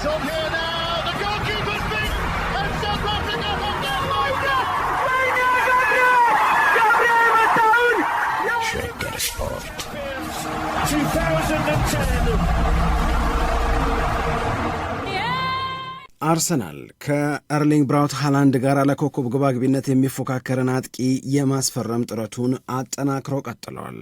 It's on here now. The goalkeeper's been and South Africa have done Shaker Sport 2010 አርሰናል ከኤርሊንግ ብራውት ሃላንድ ጋር ለኮከብ ግባግቢነት የሚፎካከርን አጥቂ የማስፈረም ጥረቱን አጠናክሮ ቀጥሏል።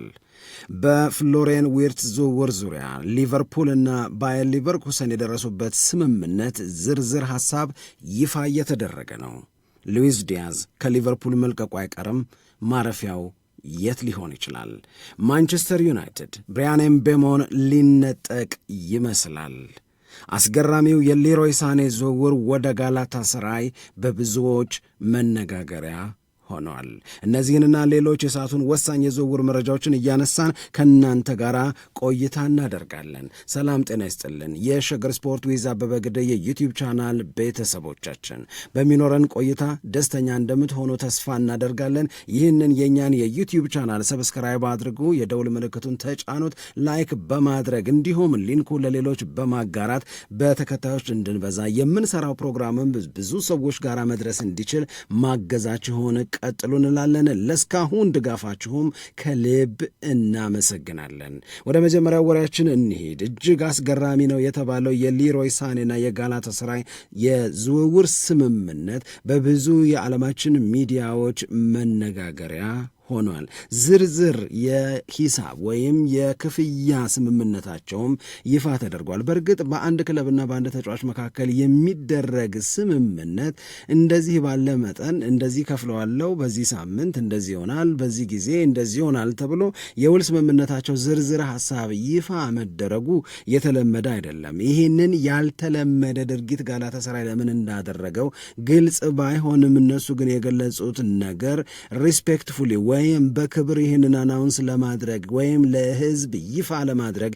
በፍሎሬን ዊርት ዝውውር ዙሪያ ሊቨርፑል እና ባየር ሊቨርኩሰን የደረሱበት ስምምነት ዝርዝር ሐሳብ ይፋ እየተደረገ ነው። ሉዊስ ዲያዝ ከሊቨርፑል መልቀቁ አይቀርም። ማረፊያው የት ሊሆን ይችላል? ማንቸስተር ዩናይትድ ብሪያን ኤምቤሞን ሊነጠቅ ይመስላል። አስገራሚው የሌሮይ ሳኔ ዝውውር ወደ ጋላታ ሰራይ በብዙዎች መነጋገሪያ ሆነዋል። እነዚህንና ሌሎች የሰዓቱን ወሳኝ የዝውውር መረጃዎችን እያነሳን ከእናንተ ጋር ቆይታ እናደርጋለን። ሰላም ጤና ይስጥልን። የሸገር ስፖርት ዊዝ አበበ ግደይ የዩቲዩብ ቻናል ቤተሰቦቻችን በሚኖረን ቆይታ ደስተኛ እንደምትሆኑ ተስፋ እናደርጋለን። ይህንን የእኛን የዩቲዩብ ቻናል ሰብስክራይብ አድርጉ፣ የደውል ምልክቱን ተጫኑት፣ ላይክ በማድረግ እንዲሁም ሊንኩ ለሌሎች በማጋራት በተከታዮች እንድንበዛ የምንሰራው ፕሮግራምም ብዙ ሰዎች ጋር መድረስ እንዲችል ማገዛችሁን ቀጥሉ እንላለን። ለእስካሁን ድጋፋችሁም ከልብ እናመሰግናለን። ወደ መጀመሪያው ወሬያችን እንሂድ። እጅግ አስገራሚ ነው የተባለው የሊሮይ ሳኔና የጋላታሳራይ የዝውውር ስምምነት በብዙ የዓለማችን ሚዲያዎች መነጋገሪያ ሆኗል። ዝርዝር የሂሳብ ወይም የክፍያ ስምምነታቸውም ይፋ ተደርጓል። በእርግጥ በአንድ ክለብና በአንድ ተጫዋች መካከል የሚደረግ ስምምነት እንደዚህ ባለ መጠን እንደዚህ ከፍለዋለው፣ በዚህ ሳምንት እንደዚህ ይሆናል፣ በዚህ ጊዜ እንደዚህ ይሆናል ተብሎ የውል ስምምነታቸው ዝርዝር ሀሳብ ይፋ መደረጉ የተለመደ አይደለም። ይህንን ያልተለመደ ድርጊት ጋላታሳራይ ለምን እንዳደረገው ግልጽ ባይሆንም እነሱ ግን የገለጹት ነገር ሪስፔክትፉሊ ወይም በክብር ይህንን አናውንስ ለማድረግ ወይም ለህዝብ ይፋ ለማድረግ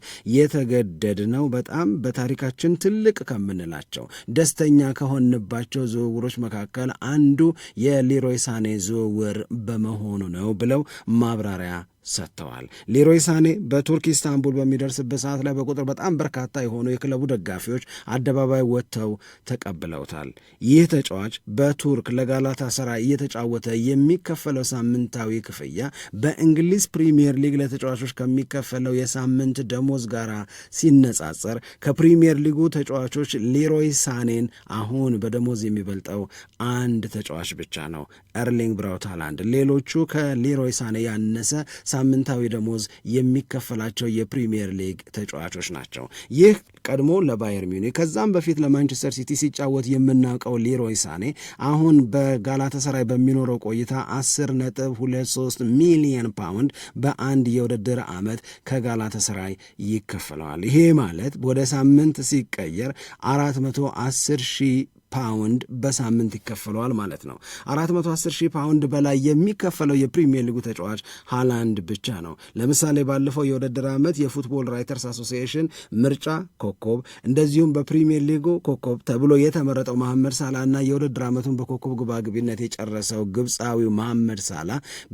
ነው። በጣም በታሪካችን ትልቅ ከምንላቸው ደስተኛ ከሆንባቸው ዝውውሮች መካከል አንዱ የሊሮይ ሳኔ ዝውውር በመሆኑ ነው ብለው ማብራሪያ ሰጥተዋል። ሌሮይ ሳኔ በቱርክ ኢስታንቡል በሚደርስበት ሰዓት ላይ በቁጥር በጣም በርካታ የሆኑ የክለቡ ደጋፊዎች አደባባይ ወጥተው ተቀብለውታል። ይህ ተጫዋች በቱርክ ለጋላታ ሰራ እየተጫወተ የሚከፈለው ሳምንታዊ ክፍያ በእንግሊዝ ፕሪምየር ሊግ ለተጫዋቾች ከሚከፈለው የሳምንት ደሞዝ ጋር ሲነጻጸር ከፕሪምየር ሊጉ ተጫዋቾች ሌሮይ ሳኔን አሁን በደሞዝ የሚበልጠው አንድ ተጫዋች ብቻ ነው፣ ኤርሊንግ ብራውት ሃላንድ። ሌሎቹ ከሌሮይ ሳኔ ያነሰ ሳምንታዊ ደሞዝ የሚከፈላቸው የፕሪምየር ሊግ ተጫዋቾች ናቸው። ይህ ቀድሞ ለባየር ሚኒክ ከዛም በፊት ለማንቸስተር ሲቲ ሲጫወት የምናውቀው ሊሮይ ሳኔ አሁን በጋላተሰራይ በሚኖረው ቆይታ 10.23 ነጥብ 23 ሚሊየን ፓውንድ በአንድ የውድድር ዓመት ከጋላተሰራይ ይከፈለዋል። ይሄ ማለት ወደ ሳምንት ሲቀየር 410 ሺህ ፓውንድ በሳምንት ይከፈለዋል ማለት ነው። 410 ሺህ ፓውንድ በላይ የሚከፈለው የፕሪሚየር ሊጉ ተጫዋች ሃላንድ ብቻ ነው። ለምሳሌ ባለፈው የውድድር ዓመት የፉትቦል ራይተርስ አሶሲሽን ምርጫ ኮከብ እንደዚሁም በፕሪሚየር ሊጉ ኮከብ ተብሎ የተመረጠው መሐመድ ሳላ እና የውድድር ዓመቱን በኮከብ ግባግቢነት የጨረሰው ግብፃዊው መሐመድ ሳላ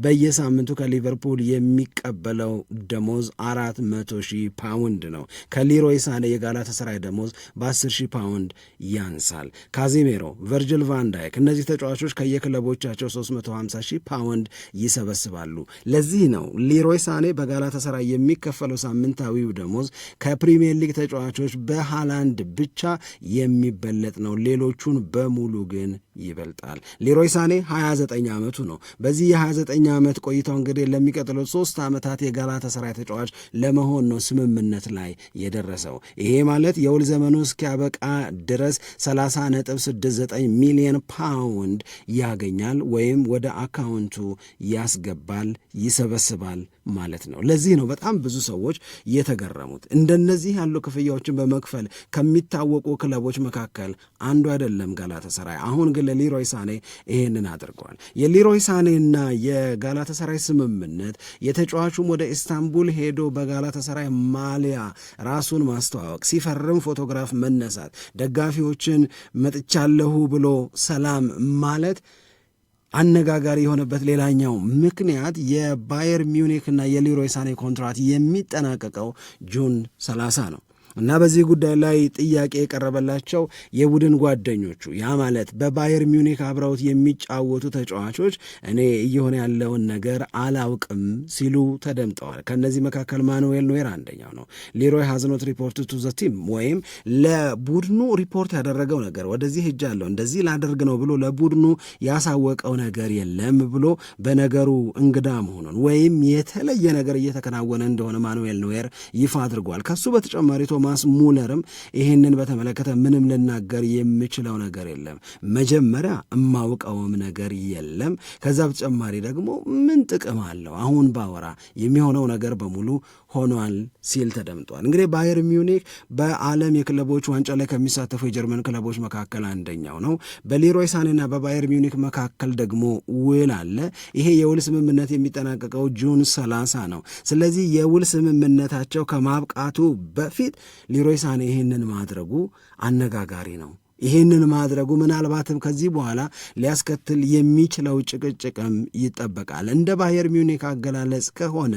በየሳምንቱ ከሊቨርፑል የሚቀበለው ደሞዝ 400 ሺህ ፓውንድ ነው። ከሊሮይ ሳኔ ተሰራይ ደሞዝ በ10 ሺህ ፓውንድ ያንሳል። ካዚሜሮ፣ ቨርጅል ቫንዳይክ እነዚህ ተጫዋቾች ከየክለቦቻቸው 350 ሺህ ፓውንድ ይሰበስባሉ። ለዚህ ነው ሊሮይ ሳኔ በጋላታሳራይ የሚከፈለው ሳምንታዊው ደሞዝ ከፕሪሚየር ሊግ ተጫዋቾች በሃላንድ ብቻ የሚበለጥ ነው። ሌሎቹን በሙሉ ግን ይበልጣል። ሌሮይ ሳኔ 29 ዓመቱ ነው። በዚህ የ29 ዓመት ቆይታው እንግዲህ ለሚቀጥሉት ሶስት ዓመታት የጋላታሳራይ ተጫዋች ለመሆን ነው ስምምነት ላይ የደረሰው። ይሄ ማለት የውል ዘመኑ እስኪያበቃ ድረስ 30.69 ሚሊዮን ፓውንድ ያገኛል ወይም ወደ አካውንቱ ያስገባል፣ ይሰበስባል ማለት ነው። ለዚህ ነው በጣም ብዙ ሰዎች የተገረሙት። እንደነዚህ ያሉ ክፍያዎችን በመክፈል ከሚታወቁ ክለቦች መካከል አንዱ አይደለም ጋላታሳራይ አሁን ግን ለሊሮይ ሳኔ ይህንን አድርገዋል። የሊሮይ ሳኔና የጋላተሰራይ ስምምነት የተጫዋቹም ወደ ኢስታንቡል ሄዶ በጋላተሰራይ ማሊያ ራሱን ማስተዋወቅ፣ ሲፈርም ፎቶግራፍ መነሳት፣ ደጋፊዎችን መጥቻለሁ ብሎ ሰላም ማለት አነጋጋሪ የሆነበት ሌላኛው ምክንያት የባየር ሚውኒክ እና የሊሮይ ሳኔ ኮንትራት የሚጠናቀቀው ጁን 30 ነው። እና በዚህ ጉዳይ ላይ ጥያቄ የቀረበላቸው የቡድን ጓደኞቹ ያ ማለት በባየር ሚውኒክ አብረውት የሚጫወቱ ተጫዋቾች እኔ እየሆነ ያለውን ነገር አላውቅም ሲሉ ተደምጠዋል። ከእነዚህ መካከል ማኑዌል ኖዌር አንደኛው ነው። ሌሮይ ሀዝኖት ሪፖርት ቱ ዘ ቲም ወይም ለቡድኑ ሪፖርት ያደረገው ነገር ወደዚህ ሄጃለሁ እንደዚህ ላደርግ ነው ብሎ ለቡድኑ ያሳወቀው ነገር የለም ብሎ በነገሩ እንግዳ መሆኑን ወይም የተለየ ነገር እየተከናወነ እንደሆነ ማኑዌል ኖዌር ይፋ አድርጓል። ከሱ በተጨማሪ ቶማ ቶማስ ሙለርም ይህንን በተመለከተ ምንም ልናገር የምችለው ነገር የለም። መጀመሪያ እማውቀውም ነገር የለም። ከዛ በተጨማሪ ደግሞ ምን ጥቅም አለው አሁን ባወራ የሚሆነው ነገር በሙሉ ሆኗል ሲል ተደምጧል። እንግዲህ ባየር ሚውኒክ በዓለም የክለቦች ዋንጫ ላይ ከሚሳተፉ የጀርመን ክለቦች መካከል አንደኛው ነው። በሌሮይ ሳኔና በባየር ሚውኒክ መካከል ደግሞ ውል አለ። ይሄ የውል ስምምነት የሚጠናቀቀው ጁን 30 ነው። ስለዚህ የውል ስምምነታቸው ከማብቃቱ በፊት ሌሮይ ሳኔ ይህንን ማድረጉ አነጋጋሪ ነው። ይህንን ማድረጉ ምናልባትም ከዚህ በኋላ ሊያስከትል የሚችለው ጭቅጭቅም ይጠበቃል። እንደ ባየር ሚውኒክ አገላለጽ ከሆነ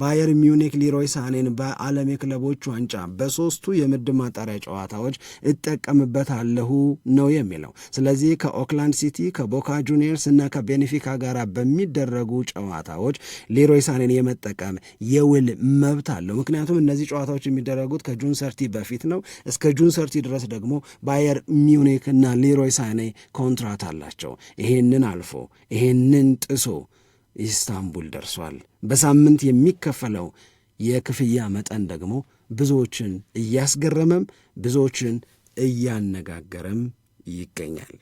ባየር ሚውኒክ ሊሮይ ሳኔን በዓለም የክለቦች ዋንጫ በሶስቱ የምድብ ማጣሪያ ጨዋታዎች እጠቀምበታለሁ ነው የሚለው። ስለዚህ ከኦክላንድ ሲቲ፣ ከቦካ ጁኒየርስ እና ከቤኔፊካ ጋር በሚደረጉ ጨዋታዎች ሊሮይ ሳኔን የመጠቀም የውል መብት አለው። ምክንያቱም እነዚህ ጨዋታዎች የሚደረጉት ከጁን ሰርቲ በፊት ነው። እስከ ጁን ሰርቲ ድረስ ደግሞ ባየር ሚዩኒክ እና ሌሮይ ሳኔ ኮንትራት አላቸው። ይሄንን አልፎ ይሄንን ጥሶ ኢስታንቡል ደርሷል። በሳምንት የሚከፈለው የክፍያ መጠን ደግሞ ብዙዎችን እያስገረመም ብዙዎችን እያነጋገረም ይገኛል።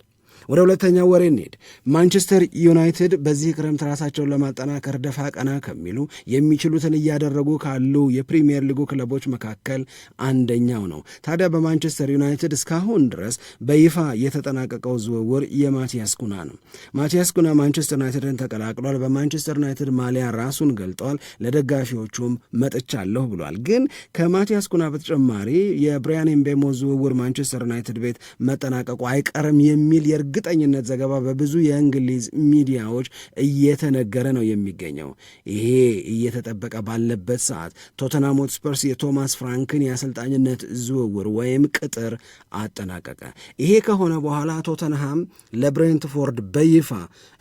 ወደ ሁለተኛው ወሬ እንሄድ። ማንቸስተር ዩናይትድ በዚህ ክረምት ራሳቸውን ለማጠናከር ደፋ ቀና ከሚሉ የሚችሉትን እያደረጉ ካሉ የፕሪምየር ሊጉ ክለቦች መካከል አንደኛው ነው። ታዲያ በማንቸስተር ዩናይትድ እስካሁን ድረስ በይፋ የተጠናቀቀው ዝውውር የማቲያስ ኩና ነው። ማቲያስ ኩና ማንቸስተር ዩናይትድን ተቀላቅሏል። በማንቸስተር ዩናይትድ ማሊያ ራሱን ገልጧል። ለደጋፊዎቹም መጥቻለሁ ብሏል። ግን ከማቲያስ ኩና በተጨማሪ የብሪያን ኤምቤሞ ዝውውር ማንቸስተር ዩናይትድ ቤት መጠናቀቁ አይቀርም የሚል በእርግጠኝነት ዘገባ በብዙ የእንግሊዝ ሚዲያዎች እየተነገረ ነው የሚገኘው። ይሄ እየተጠበቀ ባለበት ሰዓት ቶተናም ሆትስፐርስ የቶማስ ፍራንክን የአሰልጣኝነት ዝውውር ወይም ቅጥር አጠናቀቀ። ይሄ ከሆነ በኋላ ቶተንሃም ለብሬንትፎርድ በይፋ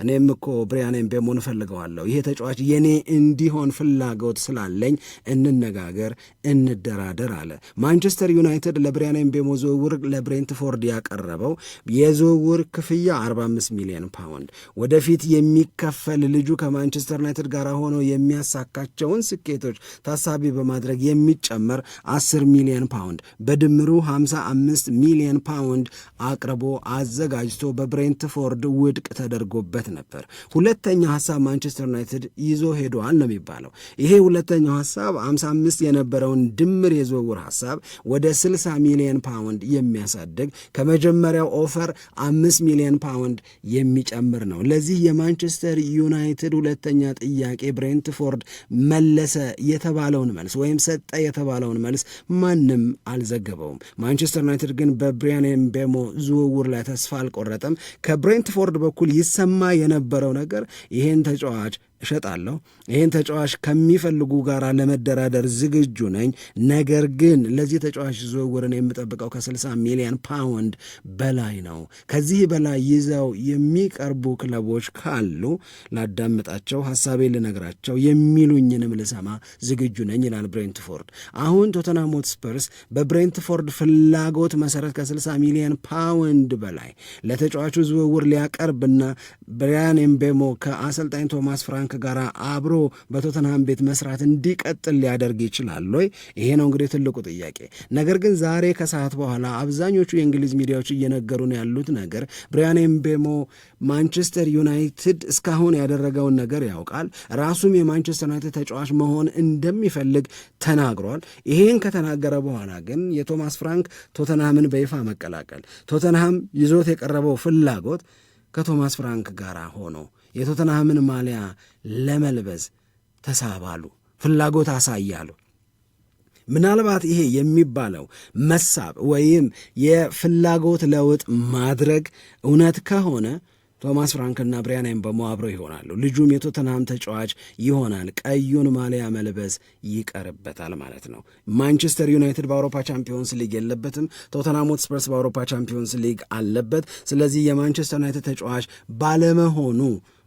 እኔም እኮ ብሪያን ምቤሞን እፈልገዋለሁ፣ ይሄ ተጫዋች የኔ እንዲሆን ፍላጎት ስላለኝ እንነጋገር፣ እንደራደር አለ። ማንቸስተር ዩናይትድ ለብሪያን ምቤሞ ዝውውር ለብሬንትፎርድ ያቀረበው የዝውውር ክፍያ 45 ሚሊዮን ፓውንድ ወደፊት የሚከፈል ልጁ ከማንቸስተር ዩናይትድ ጋር ሆኖ የሚያሳካቸውን ስኬቶች ታሳቢ በማድረግ የሚጨመር 10 ሚሊዮን ፓውንድ በድምሩ 55 ሚሊዮን ፓውንድ አቅርቦ አዘጋጅቶ በብሬንትፎርድ ውድቅ ተደርጎበት ነበር። ሁለተኛው ሀሳብ ማንቸስተር ዩናይትድ ይዞ ሄደዋል ነው የሚባለው። ይሄ ሁለተኛው ሀሳብ 55 የነበረውን ድምር የዝውውር ሀሳብ ወደ 60 ሚሊዮን ፓውንድ የሚያሳድግ ከመጀመሪያው ኦፈር አምስት ሚሊዮን ፓውንድ የሚጨምር ነው። ለዚህ የማንቸስተር ዩናይትድ ሁለተኛ ጥያቄ ብሬንትፎርድ መለሰ የተባለውን መልስ ወይም ሰጠ የተባለውን መልስ ማንም አልዘገበውም። ማንቸስተር ዩናይትድ ግን በብሪያን ምቤሞ ዝውውር ላይ ተስፋ አልቆረጠም። ከብሬንትፎርድ በኩል ይሰማ የነበረው ነገር ይሄን ተጫዋች እሸጣለሁ፣ ይህን ተጫዋች ከሚፈልጉ ጋር ለመደራደር ዝግጁ ነኝ። ነገር ግን ለዚህ ተጫዋች ዝውውርን የምጠብቀው ከ60 ሚሊዮን ፓውንድ በላይ ነው። ከዚህ በላይ ይዘው የሚቀርቡ ክለቦች ካሉ ላዳምጣቸው፣ ሀሳቤ ልነግራቸው፣ የሚሉኝንም ልሰማ ዝግጁ ነኝ ይላል ብሬንትፎርድ። አሁን ቶተንሃም ሆትስፐርስ በብሬንትፎርድ ፍላጎት መሰረት ከ60 ሚሊዮን ፓውንድ በላይ ለተጫዋቹ ዝውውር ሊያቀርብና ብሪያን ኤምቤሞ ከአሰልጣኝ ቶማስ ፍራንክ ጋር አብሮ በቶተንሃም ቤት መስራት እንዲቀጥል ሊያደርግ ይችላል ወይ? ይሄ ነው እንግዲህ ትልቁ ጥያቄ። ነገር ግን ዛሬ ከሰዓት በኋላ አብዛኞቹ የእንግሊዝ ሚዲያዎች እየነገሩ ነው ያሉት ነገር ብሪያን ኤምቤሞ ማንቸስተር ዩናይትድ እስካሁን ያደረገውን ነገር ያውቃል፣ ራሱም የማንቸስተር ዩናይትድ ተጫዋች መሆን እንደሚፈልግ ተናግሯል። ይሄን ከተናገረ በኋላ ግን የቶማስ ፍራንክ ቶተንሃምን በይፋ መቀላቀል ቶተንሃም ይዞት የቀረበው ፍላጎት ከቶማስ ፍራንክ ጋር ሆኖ የቶተንሃምን ማሊያ ለመልበስ ተሳባሉ፣ ፍላጎት አሳያሉ። ምናልባት ይሄ የሚባለው መሳብ ወይም የፍላጎት ለውጥ ማድረግ እውነት ከሆነ ቶማስ ፍራንክና ብሪያን ኤምቤሞ አብረው ይሆናሉ። ልጁም የቶተንሃም ተጫዋች ይሆናል። ቀዩን ማሊያ መልበስ ይቀርበታል ማለት ነው። ማንቸስተር ዩናይትድ በአውሮፓ ቻምፒዮንስ ሊግ የለበትም። ቶተንሃም ሆትስፐርስ በአውሮፓ ቻምፒዮንስ ሊግ አለበት። ስለዚህ የማንቸስተር ዩናይትድ ተጫዋች ባለመሆኑ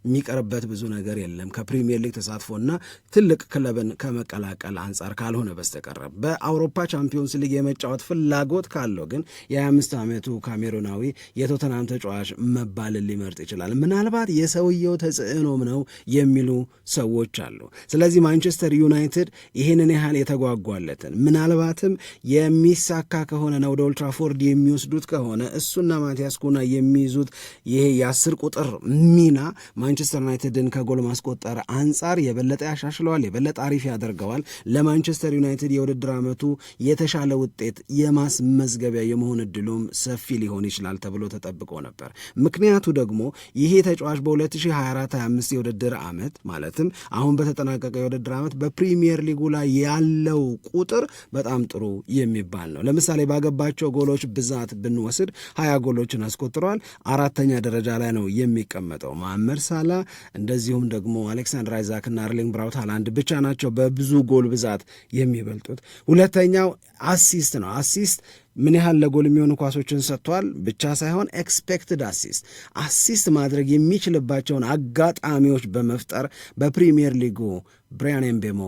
የሚቀርበት ብዙ ነገር የለም ከፕሪሚየር ሊግ ተሳትፎና ትልቅ ክለብን ከመቀላቀል አንጻር ካልሆነ በስተቀረ በአውሮፓ ቻምፒዮንስ ሊግ የመጫወት ፍላጎት ካለው ግን የ25 ዓመቱ ካሜሩናዊ የቶተናም ተጫዋች መባልን ሊመርጥ ይችላል። ምናልባት የሰውየው ተጽዕኖም ነው የሚሉ ሰዎች አሉ። ስለዚህ ማንቸስተር ዩናይትድ ይህንን ያህል የተጓጓለትን ምናልባትም የሚሳካ ከሆነ ነው ወደ ኦልትራፎርድ የሚወስዱት ከሆነ እሱና ማቲያስ ኩና የሚይዙት ይሄ የአስር ቁጥር ሚና ማንቸስተር ዩናይትድን ከጎል ማስቆጠር አንጻር የበለጠ ያሻሽለዋል፣ የበለጠ አሪፍ ያደርገዋል። ለማንቸስተር ዩናይትድ የውድድር ዓመቱ የተሻለ ውጤት የማስመዝገቢያ የመሆን እድሉም ሰፊ ሊሆን ይችላል ተብሎ ተጠብቆ ነበር። ምክንያቱ ደግሞ ይሄ ተጫዋች በ2024/25 የውድድር ዓመት ማለትም አሁን በተጠናቀቀ የውድድር ዓመት በፕሪሚየር ሊጉ ላይ ያለው ቁጥር በጣም ጥሩ የሚባል ነው። ለምሳሌ ባገባቸው ጎሎች ብዛት ብንወስድ ሀያ ጎሎችን አስቆጥረዋል። አራተኛ ደረጃ ላይ ነው የሚቀመጠው። ማመርሳ ሳላ እንደዚሁም ደግሞ አሌክሳንድር አይዛክና አርሊንግ ብራውት ሃላንድ ብቻ ናቸው በብዙ ጎል ብዛት የሚበልጡት። ሁለተኛው አሲስት ነው። አሲስት ምን ያህል ለጎል የሚሆኑ ኳሶችን ሰጥቷል ብቻ ሳይሆን ኤክስፔክትድ አሲስት አሲስት ማድረግ የሚችልባቸውን አጋጣሚዎች በመፍጠር በፕሪሚየር ሊጉ ብሪያን ኤምቤሞ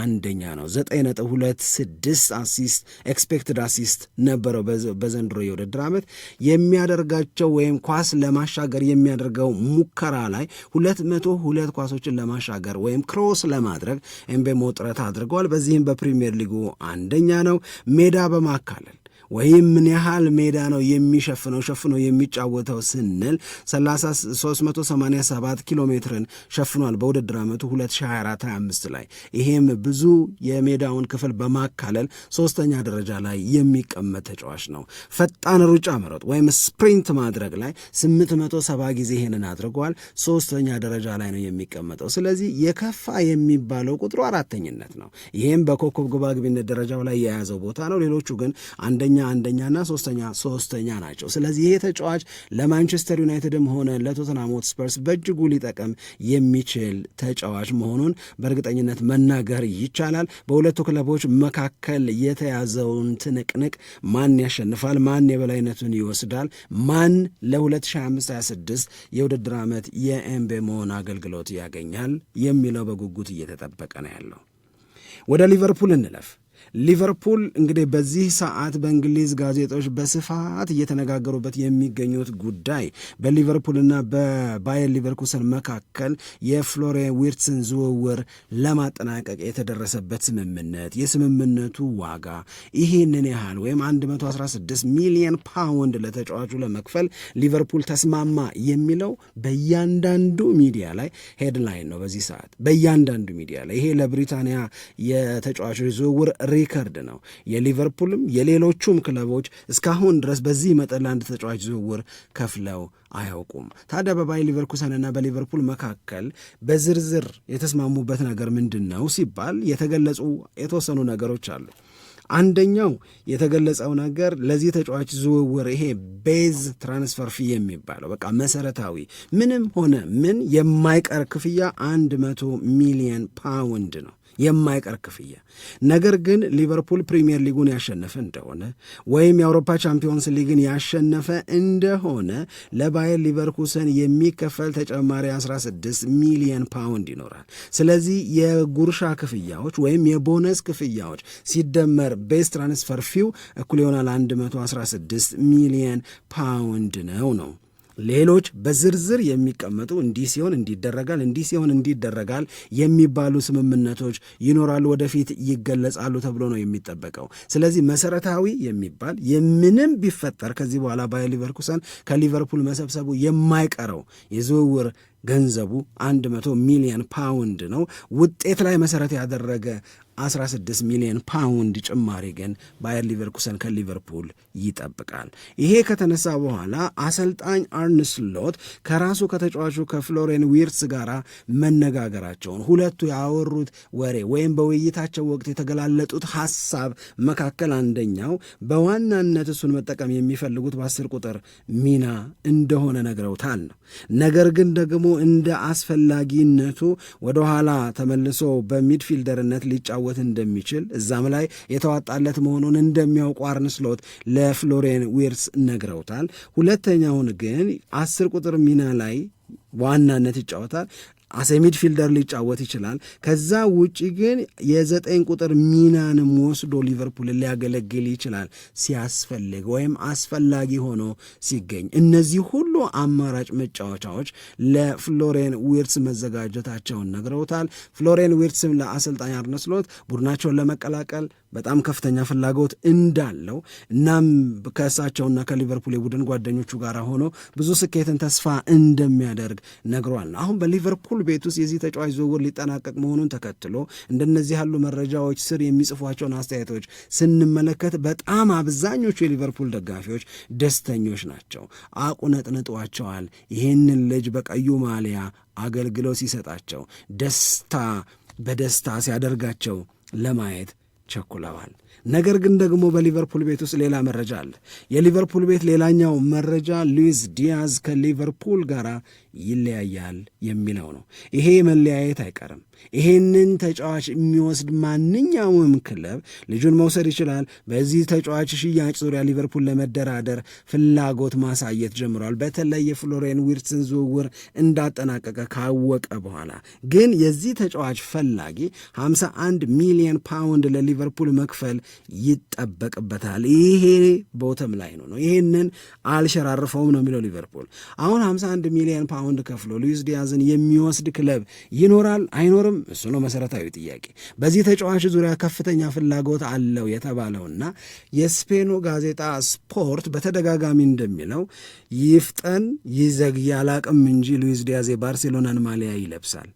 አንደኛ ነው። 9.26 አሲስት ኤክስፔክትድ አሲስት ነበረው በዘንድሮ የውድድር ዓመት የሚያደርጋቸው ወይም ኳስ ለማሻገር የሚያደርገው ሙከራ ላይ 202 ኳሶችን ለማሻገር ወይም ክሮስ ለማድረግ ኤምቤሞ ጥረት አድርገዋል። በዚህም በፕሪምየር ሊጉ አንደኛ ነው። ሜዳ በማካለል ወይም ምን ያህል ሜዳ ነው የሚሸፍነው ሸፍኖ የሚጫወተው ስንል 387 ኪሎ ሜትርን ሸፍኗል በውድድር ዓመቱ 2024/25 ላይ ይሄም ብዙ የሜዳውን ክፍል በማካለል ሶስተኛ ደረጃ ላይ የሚቀመጥ ተጫዋች ነው። ፈጣን ሩጫ መሮጥ ወይም ስፕሪንት ማድረግ ላይ 870 ጊዜ ይሄንን አድርጓል። ሶስተኛ ደረጃ ላይ ነው የሚቀመጠው። ስለዚህ የከፋ የሚባለው ቁጥሩ አራተኝነት ነው። ይሄም በኮከብ ግባግቢነት ደረጃው ላይ የያዘው ቦታ ነው። ሌሎቹ ግን አንደኛ አንደኛና ሶስተኛ ሶስተኛ ናቸው። ስለዚህ ይሄ ተጫዋች ለማንቸስተር ዩናይትድም ሆነ ለቶተንሃም ሆትስፐርስ በእጅጉ ሊጠቅም የሚችል ተጫዋች መሆኑን በእርግጠኝነት መናገር ይቻላል። በሁለቱ ክለቦች መካከል የተያዘውን ትንቅንቅ ማን ያሸንፋል፣ ማን የበላይነቱን ይወስዳል፣ ማን ለ2025/26 የውድድር ዓመት የኤምቤሞን አገልግሎት ያገኛል የሚለው በጉጉት እየተጠበቀ ነው ያለው። ወደ ሊቨርፑል እንለፍ። ሊቨርፑል እንግዲህ በዚህ ሰዓት በእንግሊዝ ጋዜጦች በስፋት እየተነጋገሩበት የሚገኙት ጉዳይ በሊቨርፑልና በባየር ሊቨርኩሰን መካከል የፍሎሬ ዊርትስን ዝውውር ለማጠናቀቅ የተደረሰበት ስምምነት፣ የስምምነቱ ዋጋ ይህንን ያህል ወይም 116 ሚሊዮን ፓውንድ ለተጫዋቹ ለመክፈል ሊቨርፑል ተስማማ የሚለው በእያንዳንዱ ሚዲያ ላይ ሄድላይን ነው። በዚህ ሰዓት በእያንዳንዱ ሚዲያ ላይ ይሄ ለብሪታንያ የተጫዋቾች ዝውውር ሪከርድ ነው። የሊቨርፑልም የሌሎቹም ክለቦች እስካሁን ድረስ በዚህ መጠን ለአንድ ተጫዋች ዝውውር ከፍለው አያውቁም። ታዲያ በባየር ሊቨርኩሰንና በሊቨርፑል መካከል በዝርዝር የተስማሙበት ነገር ምንድን ነው ሲባል የተገለጹ የተወሰኑ ነገሮች አሉ። አንደኛው የተገለጸው ነገር ለዚህ ተጫዋች ዝውውር ይሄ ቤዝ ትራንስፈር ፊ የሚባለው በቃ መሰረታዊ ምንም ሆነ ምን የማይቀር ክፍያ አንድ መቶ ሚሊየን ፓውንድ ነው። የማይቀር ክፍያ። ነገር ግን ሊቨርፑል ፕሪምየር ሊጉን ያሸነፈ እንደሆነ ወይም የአውሮፓ ቻምፒዮንስ ሊግን ያሸነፈ እንደሆነ ለባየር ሊቨርኩሰን የሚከፈል ተጨማሪ 16 ሚሊየን ፓውንድ ይኖራል። ስለዚህ የጉርሻ ክፍያዎች ወይም የቦነስ ክፍያዎች ሲደመር ቤስትራንስፈርፊው ትራንስፈር ፊው እኩል ይሆናል 116 ሚሊየን ፓውንድ ነው ነው ሌሎች በዝርዝር የሚቀመጡ እንዲህ ሲሆን እንዲደረጋል እንዲህ ሲሆን እንዲደረጋል የሚባሉ ስምምነቶች ይኖራሉ፣ ወደፊት ይገለጻሉ ተብሎ ነው የሚጠበቀው። ስለዚህ መሰረታዊ የሚባል የምንም ቢፈጠር ከዚህ በኋላ ባየር ሊቨርኩሰን ከሊቨርፑል መሰብሰቡ የማይቀረው የዝውውር ገንዘቡ 100 ሚሊዮን ፓውንድ ነው። ውጤት ላይ መሰረት ያደረገ 16 ሚሊዮን ፓውንድ ጭማሪ ግን ባየር ሊቨርኩሰን ከሊቨርፑል ይጠብቃል። ይሄ ከተነሳ በኋላ አሰልጣኝ አርነ ስሎት ከራሱ ከተጫዋቹ ከፍሎሬን ዊርትስ ጋር መነጋገራቸውን ሁለቱ ያወሩት ወሬ ወይም በውይይታቸው ወቅት የተገላለጡት ሀሳብ መካከል አንደኛው በዋናነት እሱን መጠቀም የሚፈልጉት በአስር ቁጥር ሚና እንደሆነ ነግረውታል ነው። ነገር ግን ደግሞ እንደ አስፈላጊነቱ ወደኋላ ተመልሶ በሚድፊልደርነት ሊጫወት መጫወት እንደሚችል እዛም ላይ የተዋጣለት መሆኑን እንደሚያውቁ አርንስሎት ለፍሎሬን ዊርስ ነግረውታል። ሁለተኛውን ግን አስር ቁጥር ሚና ላይ በዋናነት ይጫወታል። አሴ ሚድፊልደር ሊጫወት ይችላል። ከዛ ውጪ ግን የዘጠኝ ቁጥር ሚናንም ወስዶ ሊቨርፑልን ሊያገለግል ይችላል ሲያስፈልግ ወይም አስፈላጊ ሆኖ ሲገኝ። እነዚህ ሁሉ አማራጭ መጫወቻዎች ለፍሎሬን ዊርትስ መዘጋጀታቸውን ነግረውታል። ፍሎሬን ዊርትስም ለአሰልጣኝ አርነ ስሎት ቡድናቸውን ለመቀላቀል በጣም ከፍተኛ ፍላጎት እንዳለው እናም ከእሳቸውና ከሊቨርፑል የቡድን ጓደኞቹ ጋር ሆኖ ብዙ ስኬትን ተስፋ እንደሚያደርግ ነግሯል። አሁን በሊቨርፑል ቤት ውስጥ የዚህ ተጫዋች ዝውውር ሊጠናቀቅ መሆኑን ተከትሎ እንደነዚህ ያሉ መረጃዎች ስር የሚጽፏቸውን አስተያየቶች ስንመለከት በጣም አብዛኞቹ የሊቨርፑል ደጋፊዎች ደስተኞች ናቸው። አቁነጥንጧቸዋል። ይህንን ልጅ በቀዩ ማሊያ አገልግሎት ሲሰጣቸው ደስታ በደስታ ሲያደርጋቸው ለማየት ቸኩለዋል። ነገር ግን ደግሞ በሊቨርፑል ቤት ውስጥ ሌላ መረጃ አለ። የሊቨርፑል ቤት ሌላኛው መረጃ ሉዊስ ዲያዝ ከሊቨርፑል ጋር ይለያያል የሚለው ነው። ይሄ መለያየት አይቀርም። ይሄንን ተጫዋች የሚወስድ ማንኛውም ክለብ ልጁን መውሰድ ይችላል። በዚህ ተጫዋች ሽያጭ ዙሪያ ሊቨርፑል ለመደራደር ፍላጎት ማሳየት ጀምሯል። በተለይ የፍሎሬን ዊርትስን ዝውውር እንዳጠናቀቀ ካወቀ በኋላ ግን የዚህ ተጫዋች ፈላጊ 51 ሚሊዮን ፓውንድ ለሊቨርፑል መክፈል ይጠበቅበታል። ይሄ ቦተም ላይ ነው ነው ይሄንን አልሸራርፈውም ነው የሚለው ሊቨርፑል አሁን 51 ሚሊዮን ፓውንድ ከፍሎ ሉዊስ ዲያዝን የሚወስድ ክለብ ይኖራል አይኖርም? እሱ ነው መሰረታዊ ጥያቄ። በዚህ ተጫዋች ዙሪያ ከፍተኛ ፍላጎት አለው የተባለውና የስፔኑ ጋዜጣ ስፖርት በተደጋጋሚ እንደሚለው ይፍጠን ይዘግይ አላቅም እንጂ ሉዊስ ዲያዝ የባርሴሎናን ማሊያ ይለብሳል።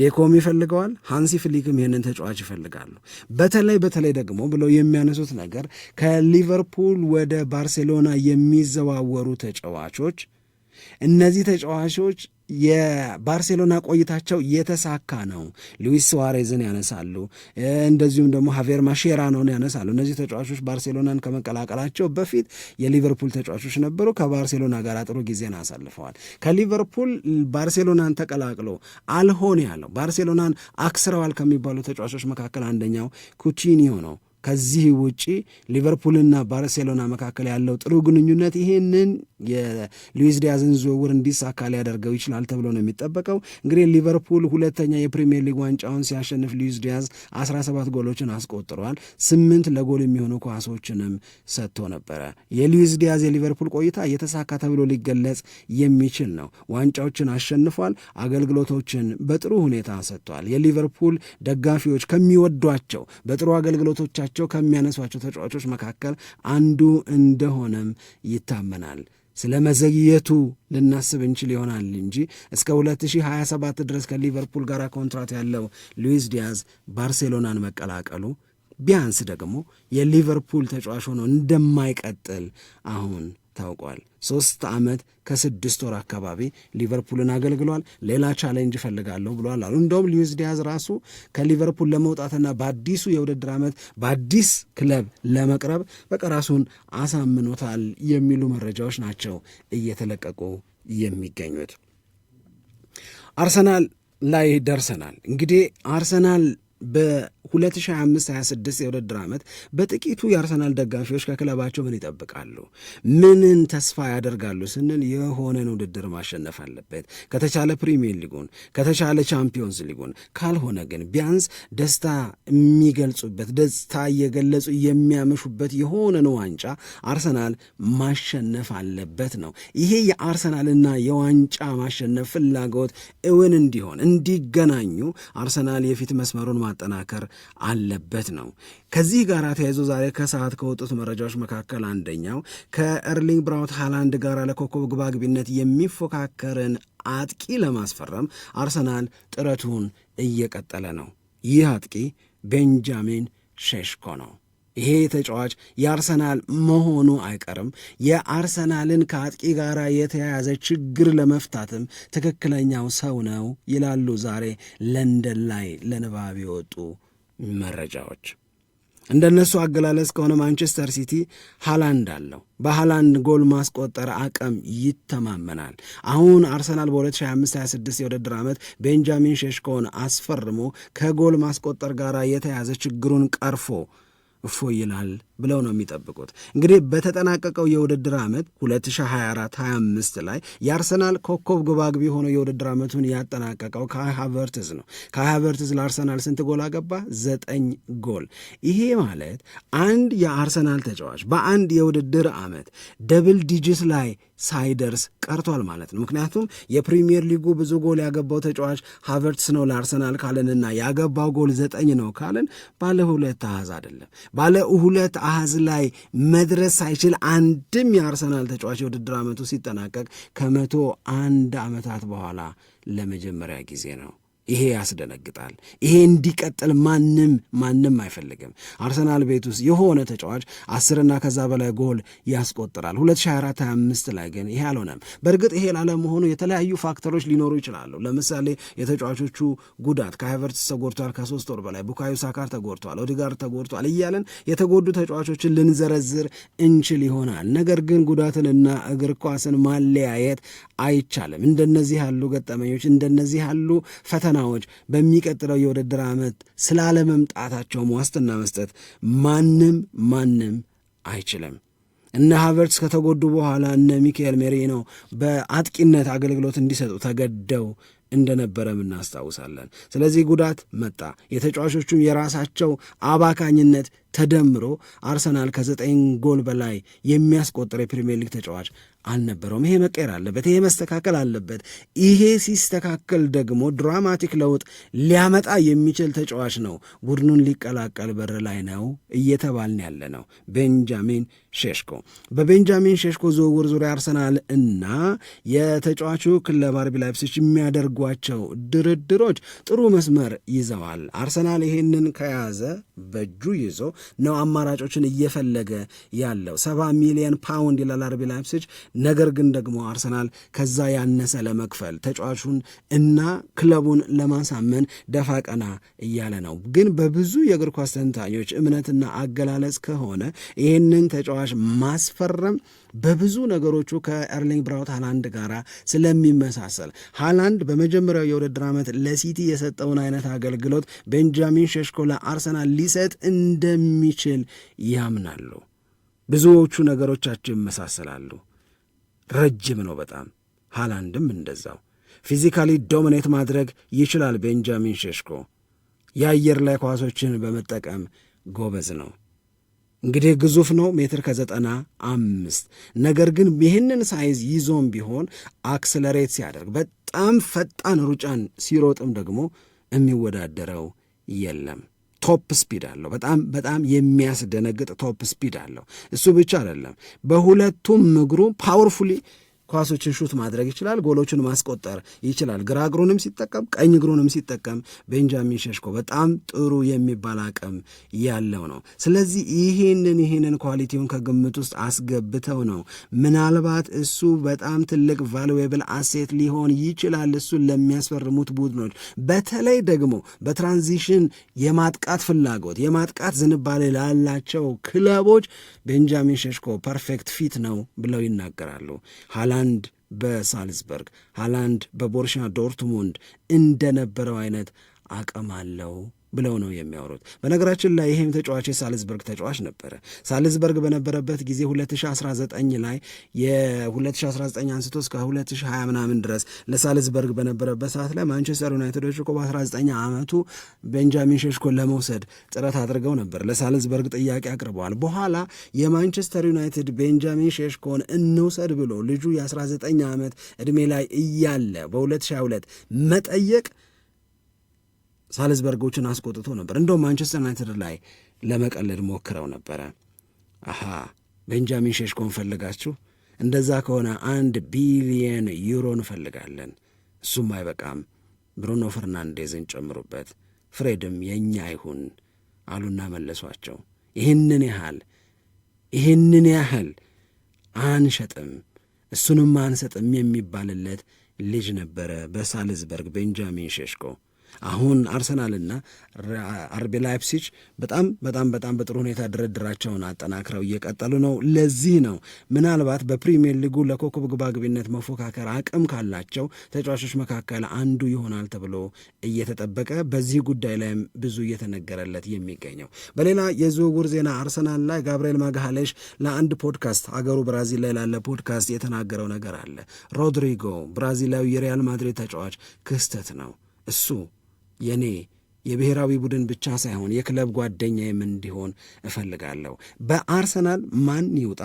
ዴኮም ይፈልገዋል። ሃንሲ ፍሊክም ይህንን ተጫዋች ይፈልጋሉ። በተለይ በተለይ ደግሞ ብለው የሚያነሱት ነገር ከሊቨርፑል ወደ ባርሴሎና የሚዘዋወሩ ተጫዋቾች እነዚህ ተጫዋቾች የባርሴሎና ቆይታቸው የተሳካ ነው። ሉዊስ ስዋሬዝን ያነሳሉ፣ እንደዚሁም ደግሞ ሀቬር ማሼራኖን ያነሳሉ። እነዚህ ተጫዋቾች ባርሴሎናን ከመቀላቀላቸው በፊት የሊቨርፑል ተጫዋቾች ነበሩ። ከባርሴሎና ጋር ጥሩ ጊዜን አሳልፈዋል። ከሊቨርፑል ባርሴሎናን ተቀላቅሎ አልሆን ያለው ባርሴሎናን አክስረዋል ከሚባሉ ተጫዋቾች መካከል አንደኛው ኩቺኒዮ ነው። ከዚህ ውጪ ሊቨርፑልና ባርሴሎና መካከል ያለው ጥሩ ግንኙነት ይህንን የሉዊስ ዲያዝን ዝውውር እንዲሳካ ሊያደርገው ይችላል ተብሎ ነው የሚጠበቀው። እንግዲህ ሊቨርፑል ሁለተኛ የፕሪምየር ሊግ ዋንጫውን ሲያሸንፍ ሉዊስ ዲያዝ 17 ጎሎችን አስቆጥሯል። ስምንት ለጎል የሚሆኑ ኳሶችንም ሰጥቶ ነበረ። የሉዊስ ዲያዝ የሊቨርፑል ቆይታ የተሳካ ተብሎ ሊገለጽ የሚችል ነው። ዋንጫዎችን አሸንፏል። አገልግሎቶችን በጥሩ ሁኔታ ሰጥቷል። የሊቨርፑል ደጋፊዎች ከሚወዷቸው በጥሩ አገልግሎቶቻቸው ስማቸው ከሚያነሷቸው ተጫዋቾች መካከል አንዱ እንደሆነም ይታመናል። ስለ መዘግየቱ ልናስብ እንችል ይሆናል እንጂ እስከ 2027 ድረስ ከሊቨርፑል ጋር ኮንትራት ያለው ሉዊስ ዲያዝ ባርሴሎናን መቀላቀሉ ቢያንስ ደግሞ የሊቨርፑል ተጫዋች ሆኖ እንደማይቀጥል አሁን ታውቋል። ሶስት ዓመት ከስድስት ወር አካባቢ ሊቨርፑልን አገልግሏል። ሌላ ቻሌንጅ እፈልጋለሁ ብሏል አሉ። እንደውም ሊዩዝ ዲያዝ ራሱ ከሊቨርፑል ለመውጣትና በአዲሱ የውድድር ዓመት በአዲስ ክለብ ለመቅረብ በቃ ራሱን አሳምኖታል የሚሉ መረጃዎች ናቸው እየተለቀቁ የሚገኙት። አርሰናል ላይ ደርሰናል። እንግዲህ አርሰናል በ 2025/26 የውድድር ዓመት በጥቂቱ የአርሰናል ደጋፊዎች ከክለባቸው ምን ይጠብቃሉ? ምንን ተስፋ ያደርጋሉ ስንል የሆነን ውድድር ማሸነፍ አለበት። ከተቻለ ፕሪሚየር ሊጉን፣ ከተቻለ ቻምፒዮንስ ሊጉን፣ ካልሆነ ግን ቢያንስ ደስታ የሚገልጹበት ደስታ እየገለጹ የሚያመሹበት የሆነን ዋንጫ አርሰናል ማሸነፍ አለበት ነው። ይሄ የአርሰናልና የዋንጫ ማሸነፍ ፍላጎት እውን እንዲሆን እንዲገናኙ አርሰናል የፊት መስመሩን ማጠናከር አለበት ነው። ከዚህ ጋር ተያይዞ ዛሬ ከሰዓት ከወጡት መረጃዎች መካከል አንደኛው ከኤርሊንግ ብራውት ሃላንድ ጋር ለኮከብ ግባግቢነት የሚፎካከርን አጥቂ ለማስፈረም አርሰናል ጥረቱን እየቀጠለ ነው። ይህ አጥቂ ቤንጃሚን ሼሽኮ ነው። ይሄ ተጫዋች የአርሰናል መሆኑ አይቀርም። የአርሰናልን ከአጥቂ ጋር የተያያዘ ችግር ለመፍታትም ትክክለኛው ሰው ነው ይላሉ ዛሬ ለንደን ላይ ለንባብ የወጡ መረጃዎች እንደ እነሱ አገላለጽ ከሆነ ማንቸስተር ሲቲ ሃላንድ አለው። በሃላንድ ጎል ማስቆጠር አቅም ይተማመናል። አሁን አርሰናል በ2025/26 የውድድር ዓመት ቤንጃሚን ሼሽኮን አስፈርሞ ከጎል ማስቆጠር ጋር የተያዘ ችግሩን ቀርፎ እፎ ይላል ብለው ነው የሚጠብቁት። እንግዲህ በተጠናቀቀው የውድድር ዓመት 2024/25 ላይ የአርሰናል ኮከብ ግባግቢ አግቢ ሆኖ የውድድር ዓመቱን ያጠናቀቀው ካይ ሃቨርትዝ ነው። ካይ ሃቨርትዝ ለአርሰናል ስንት ጎል አገባ? ዘጠኝ ጎል። ይሄ ማለት አንድ የአርሰናል ተጫዋች በአንድ የውድድር ዓመት ደብል ዲጂት ላይ ሳይደርስ ቀርቷል ማለት ነው። ምክንያቱም የፕሪሚየር ሊጉ ብዙ ጎል ያገባው ተጫዋች ሃቨርትስ ነው ለአርሰናል ካለንና ያገባው ጎል ዘጠኝ ነው ካለን ባለ ሁለት አሃዝ አይደለም። ባለ ሁለት አሃዝ ላይ መድረስ ሳይችል አንድም የአርሰናል ተጫዋች የውድድር ዓመቱ ሲጠናቀቅ ከመቶ አንድ ዓመታት በኋላ ለመጀመሪያ ጊዜ ነው። ይሄ ያስደነግጣል። ይሄ እንዲቀጥል ማንም ማንም አይፈልግም። አርሰናል ቤት ውስጥ የሆነ ተጫዋች አስርና ከዛ በላይ ጎል ያስቆጥራል። 2024/25 ላይ ግን ይሄ አልሆነም። በእርግጥ ይሄ ላለመሆኑ የተለያዩ ፋክተሮች ሊኖሩ ይችላሉ። ለምሳሌ የተጫዋቾቹ ጉዳት፣ ከሃይቨርትስ ተጎድቷል ከሶስት ወር በላይ ቡካዮ ሳካር ተጎድቷል፣ ኦዲጋር ተጎድቷል እያለን የተጎዱ ተጫዋቾችን ልንዘረዝር እንችል ይሆናል። ነገር ግን ጉዳትንና እግር ኳስን ማለያየት አይቻልም። እንደነዚህ ያሉ ገጠመኞች እንደነዚህ ያሉ ፈተና ጫናዎች በሚቀጥለው የውድድር ዓመት ስላለመምጣታቸውም ዋስትና መስጠት ማንም ማንም አይችልም። እነ ሀቨርትስ ከተጎዱ በኋላ እነ ሚካኤል ሜሪኖ በአጥቂነት አገልግሎት እንዲሰጡ ተገደው እንደነበረም እናስታውሳለን። ስለዚህ ጉዳት መጣ። የተጫዋቾቹም የራሳቸው አባካኝነት ተደምሮ አርሰናል ከዘጠኝ ጎል በላይ የሚያስቆጥር የፕሪምየር ሊግ ተጫዋች አልነበረውም። ይሄ መቀየር አለበት። ይሄ መስተካከል አለበት። ይሄ ሲስተካከል ደግሞ ድራማቲክ ለውጥ ሊያመጣ የሚችል ተጫዋች ነው፣ ቡድኑን ሊቀላቀል በር ላይ ነው እየተባልን ያለ ነው። ቤንጃሚን ሼሽኮ። በቤንጃሚን ሼሽኮ ዝውውር ዙሪያ አርሰናል እና የተጫዋቹ ክለብ አርቢ ላይፕሲች የሚያደርጉ የሚያደርጓቸው ድርድሮች ጥሩ መስመር ይዘዋል። አርሰናል ይሄንን ከያዘ በእጁ ይዞ ነው አማራጮችን እየፈለገ ያለው። ሰባ ሚሊዮን ፓውንድ ይላል አርቢ ላይፕሲጅ። ነገር ግን ደግሞ አርሰናል ከዛ ያነሰ ለመክፈል ተጫዋቹን እና ክለቡን ለማሳመን ደፋ ቀና እያለ ነው። ግን በብዙ የእግር ኳስ ተንታኞች እምነትና አገላለጽ ከሆነ ይህንን ተጫዋች ማስፈረም በብዙ ነገሮቹ ከኤርሊንግ ብራውት ሃላንድ ጋር ስለሚመሳሰል ሃላንድ በመጀመሪያው የውድድር ዓመት ለሲቲ የሰጠውን አይነት አገልግሎት ቤንጃሚን ሸሽኮ ለአርሰናል ሊሰጥ እንደሚችል ያምናሉ። ብዙዎቹ ነገሮቻቸው ይመሳሰላሉ። ረጅም ነው በጣም ሃላንድም እንደዛው ፊዚካሊ ዶሚኔት ማድረግ ይችላል። ቤንጃሚን ሸሽኮ የአየር ላይ ኳሶችን በመጠቀም ጎበዝ ነው። እንግዲህ ግዙፍ ነው፣ ሜትር ከዘጠና አምስት ነገር ግን ይህንን ሳይዝ ይዞም ቢሆን አክስለሬት ሲያደርግ በጣም ፈጣን ሩጫን ሲሮጥም ደግሞ የሚወዳደረው የለም። ቶፕ ስፒድ አለው። በጣም በጣም የሚያስደነግጥ ቶፕ ስፒድ አለው። እሱ ብቻ አይደለም፣ በሁለቱም እግሩ ፓወርፉሊ ኳሶችን ሹት ማድረግ ይችላል፣ ጎሎችን ማስቆጠር ይችላል። ግራ እግሩንም ሲጠቀም ቀኝ እግሩንም ሲጠቀም ቤንጃሚን ሸሽኮ በጣም ጥሩ የሚባል አቅም ያለው ነው። ስለዚህ ይህንን ይህንን ኳሊቲውን ከግምት ውስጥ አስገብተው ነው ምናልባት እሱ በጣም ትልቅ ቫሉዌብል አሴት ሊሆን ይችላል እሱን ለሚያስፈርሙት ቡድኖች በተለይ ደግሞ በትራንዚሽን የማጥቃት ፍላጎት የማጥቃት ዝንባሌ ላላቸው ክለቦች ቤንጃሚን ሸሽኮ ፐርፌክት ፊት ነው ብለው ይናገራሉ። ሃላንድ በሳልስበርግ ሃላንድ በቦርሻ ዶርትሙንድ እንደነበረው አይነት አቅም አለው ብለው ነው የሚያወሩት። በነገራችን ላይ ይህም ተጫዋች የሳልዝበርግ ተጫዋች ነበረ። ሳልዝበርግ በነበረበት ጊዜ 2019 ላይ የ2019 አንስቶ እስከ 2020 ምናምን ድረስ ለሳልዝበርግ በነበረበት ሰዓት ላይ ማንቸስተር ዩናይትዶች እኮ በ19 ዓመቱ ቤንጃሚን ሸሽኮን ለመውሰድ ጥረት አድርገው ነበር። ለሳልዝበርግ ጥያቄ አቅርበዋል። በኋላ የማንቸስተር ዩናይትድ ቤንጃሚን ሸሽኮን እንውሰድ ብሎ ልጁ የ19 ዓመት ዕድሜ ላይ እያለ በ2022 መጠየቅ ሳልዝበርጎችን አስቆጥቶ ነበር። እንደውም ማንቸስተር ዩናይትድ ላይ ለመቀለድ ሞክረው ነበረ። አሀ ቤንጃሚን ሼሽኮን ፈልጋችሁ? እንደዛ ከሆነ አንድ ቢሊየን ዩሮ እንፈልጋለን። እሱም አይበቃም፣ ብሩኖ ፈርናንዴዝን ጨምሩበት፣ ፍሬድም የእኛ አይሁን አሉና መለሷቸው። ይህንን ያህል ይህንን ያህል አንሸጥም እሱንም አንሰጥም የሚባልለት ልጅ ነበረ በሳልዝበርግ ቤንጃሚን ሼሽኮ። አሁን አርሰናልና አርቤ ላይፕሲች በጣም በጣም በጣም በጥሩ ሁኔታ ድርድራቸውን አጠናክረው እየቀጠሉ ነው። ለዚህ ነው ምናልባት በፕሪሚየር ሊጉ ለኮከብ ግባግቢነት መፎካከር አቅም ካላቸው ተጫዋቾች መካከል አንዱ ይሆናል ተብሎ እየተጠበቀ በዚህ ጉዳይ ላይም ብዙ እየተነገረለት የሚገኘው። በሌላ የዝውውር ዜና አርሰናል ላይ ጋብርኤል ማግሃሌሽ ለአንድ ፖድካስት አገሩ ብራዚል ላይ ላለ ፖድካስት የተናገረው ነገር አለ። ሮድሪጎ ብራዚላዊ የሪያል ማድሪድ ተጫዋች ክስተት ነው እሱ የኔ የብሔራዊ ቡድን ብቻ ሳይሆን የክለብ ጓደኛዬም እንዲሆን እፈልጋለሁ። በአርሰናል ማን ይውጣ፣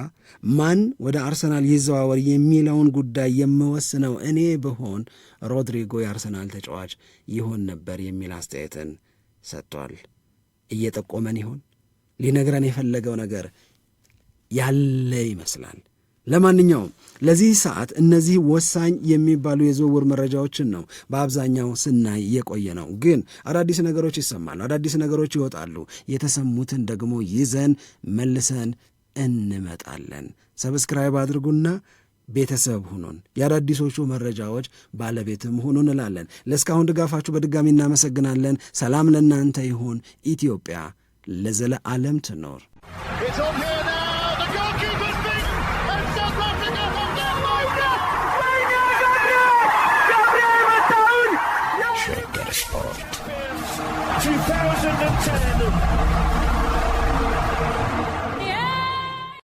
ማን ወደ አርሰናል ይዘዋወር የሚለውን ጉዳይ የምወስነው እኔ ብሆን ሮድሪጎ የአርሰናል ተጫዋች ይሆን ነበር የሚል አስተያየትን ሰጥቷል። እየጠቆመን ይሆን? ሊነግረን የፈለገው ነገር ያለ ይመስላል። ለማንኛውም ለዚህ ሰዓት እነዚህ ወሳኝ የሚባሉ የዝውውር መረጃዎችን ነው በአብዛኛው ስናይ የቆየ ነው። ግን አዳዲስ ነገሮች ይሰማሉ፣ አዳዲስ ነገሮች ይወጣሉ። የተሰሙትን ደግሞ ይዘን መልሰን እንመጣለን። ሰብስክራይብ አድርጉና ቤተሰብ ሁኑን፣ የአዳዲሶቹ መረጃዎች ባለቤትም ሁኑ እንላለን። ለእስካሁን ድጋፋችሁ በድጋሚ እናመሰግናለን። ሰላም ለእናንተ ይሁን። ኢትዮጵያ ለዘለዓለም ትኖር። 2010.